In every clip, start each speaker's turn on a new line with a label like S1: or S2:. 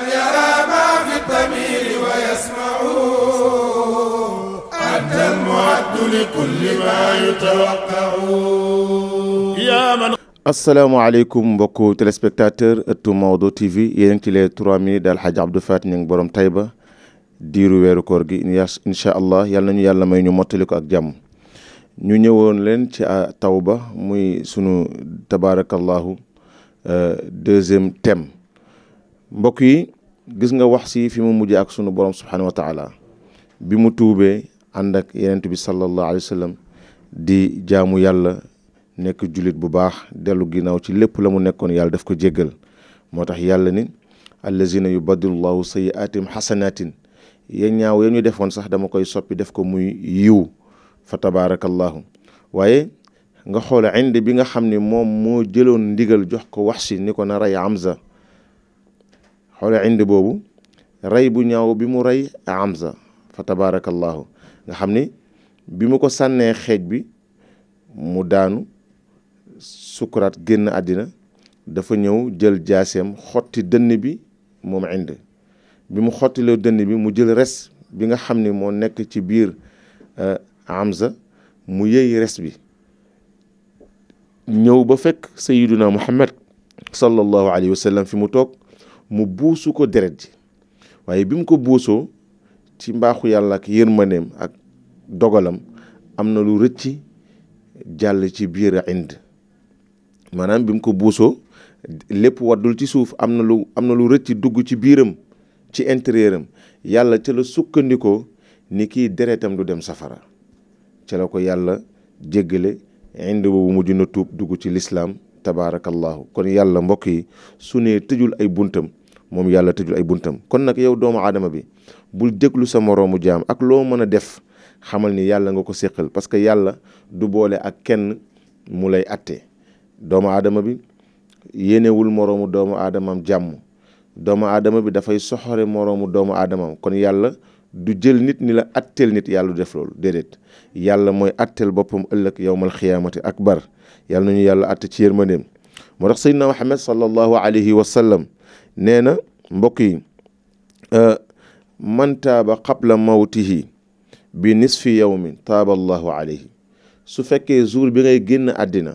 S1: أن يرى ما في الضمير ويسمع أنت المعد لكل ما يتوقع يا من asalaamaaleykum mbokku téléspectateur ëttu Maodo TV yéen a ngi ci les 3 minutes daal xaaj Abdou Fat ñu ngi borom Taïba diiru weeru koor gi incha allah yal nañu yàlla may ñu mottali ko ak jàmm ñu ñëwoon leen ci tawba muy sunu tabaarakallahu deuxième thème. mbokk yi gis nga wax si fi mu mujj ak sunu borom subhanahu wa taala bi mu tuubee ànd ak yenent bi sallallahu alayhi wasallam di jaamu yàlla nekk julit bu baax dellu ginnaaw ci lépp la mu nekkoon yàlla daf ko jéggal moo tax yàlla ni allazina yubadilullahu sayiatim xasanatin ya ñaaw ya ñu defoon sax dama koy soppi def ko muy yiw fa tabaarakallahu waaye nga xoole indi bi nga xam ne moom moo jëloon ndigal jox ko wax si ni ko na ray amza xoola indi boobu rey bu ñaaw bi mu rey Hamza fa tabaarakallaahu nga xam ni bi mu ko sànnee xeej bi mu daanu sukuraat génn àddina dafa ñëw jël jaaseem xotti dënn bi moom ind bi mu xottiloo dënn bi mu jël res bi nga xam ni moo nekk ci biir Hamza mu yëy res bi ñëw ba fekk sayiduna muhammad sallallahu alayhi wa sallam fi mu toog mu buusu ko deret ji waaye bi mu ko buusoo ci mbaaxu yàlla ak yërmaneem ak dogalam am na lu rëcci jàll ci biir ind maanaam bi mu ko buusoo lépp waddul ci suuf am na lu am na lu rëcci dugg ci biiram ci intérieur am yàlla ca la sukkandikoo ni kii deretam du dem safara ca la ko yàlla jéggale indi boobu mujj na tuub dugg ci lislaam tabaarakallahu kon yàlla mbokk yi su ne tëjul ay buntam mom yàlla tëjul ay buntam kon nak yow doomu adama bi bul déglu sa moroomu jam ak lo meuna def xamal ni yàlla nga ko sekkal parce que yàlla du bolé ak kenn mu lay atte doomu adama bi yéenewul moroomu doomu adamam jam doomu adama bi fay soxore moroomu doomu adamam kon yàlla du jël nit ni la attel nit yàlla def lol dedet yàlla moy attel bopum ëllëg yowmal khiyamati akbar yàlla nañu yàlla atte ci yërmandeem moo tax sayyidina Muhammad sallallahu alayhi wa sallam nee na mbokk yi euh, man taaba qabla mawtihi bi nisfi yawmin taaba allahu alayhi su fekkee jour bi ngay génn àddina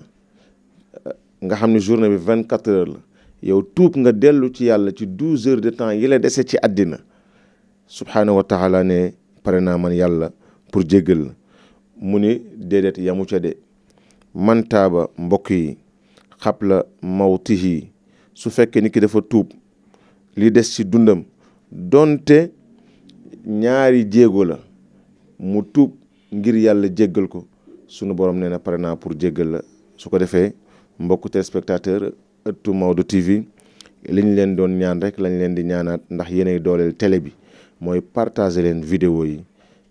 S1: euh, nga xam ne journée bi vingt quatre heures la yow tuub nga dellu ci yàlla ci douze heures de temps yi la dese ci addina subhaanahu wa taala ne pare naa man yàlla pour jéggal la mu ni déedéet yamu ca de man taaba mbokk yi xabla mawtihi su fekkee ni defa dafa tuub li des ci dundam donte ñaari jéego la mu tuub ngir yàlla jéggal ko sunu borom nee na pare naa pour jéggal la su ko defee mbokku téléspectateur ëttu Maodo TV li leen doon ñaan rek lañ leen di ñaanaat ndax yéenay dooleel télé bi mooy partager leen vidéo yi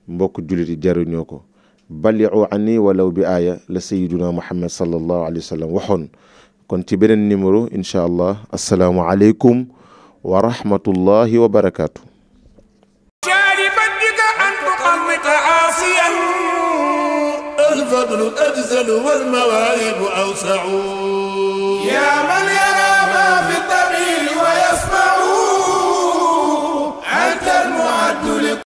S1: mbokk jullit yi jaruñoo ko baliu ani walaw bi aaya la sayiduna muhammad sallallahu alayhi wa sallam waxoon kon ci beneen numéro incha allah asalaamualeykum ورحمة الله وبركاته الفضل أجزل والمواهب أوسع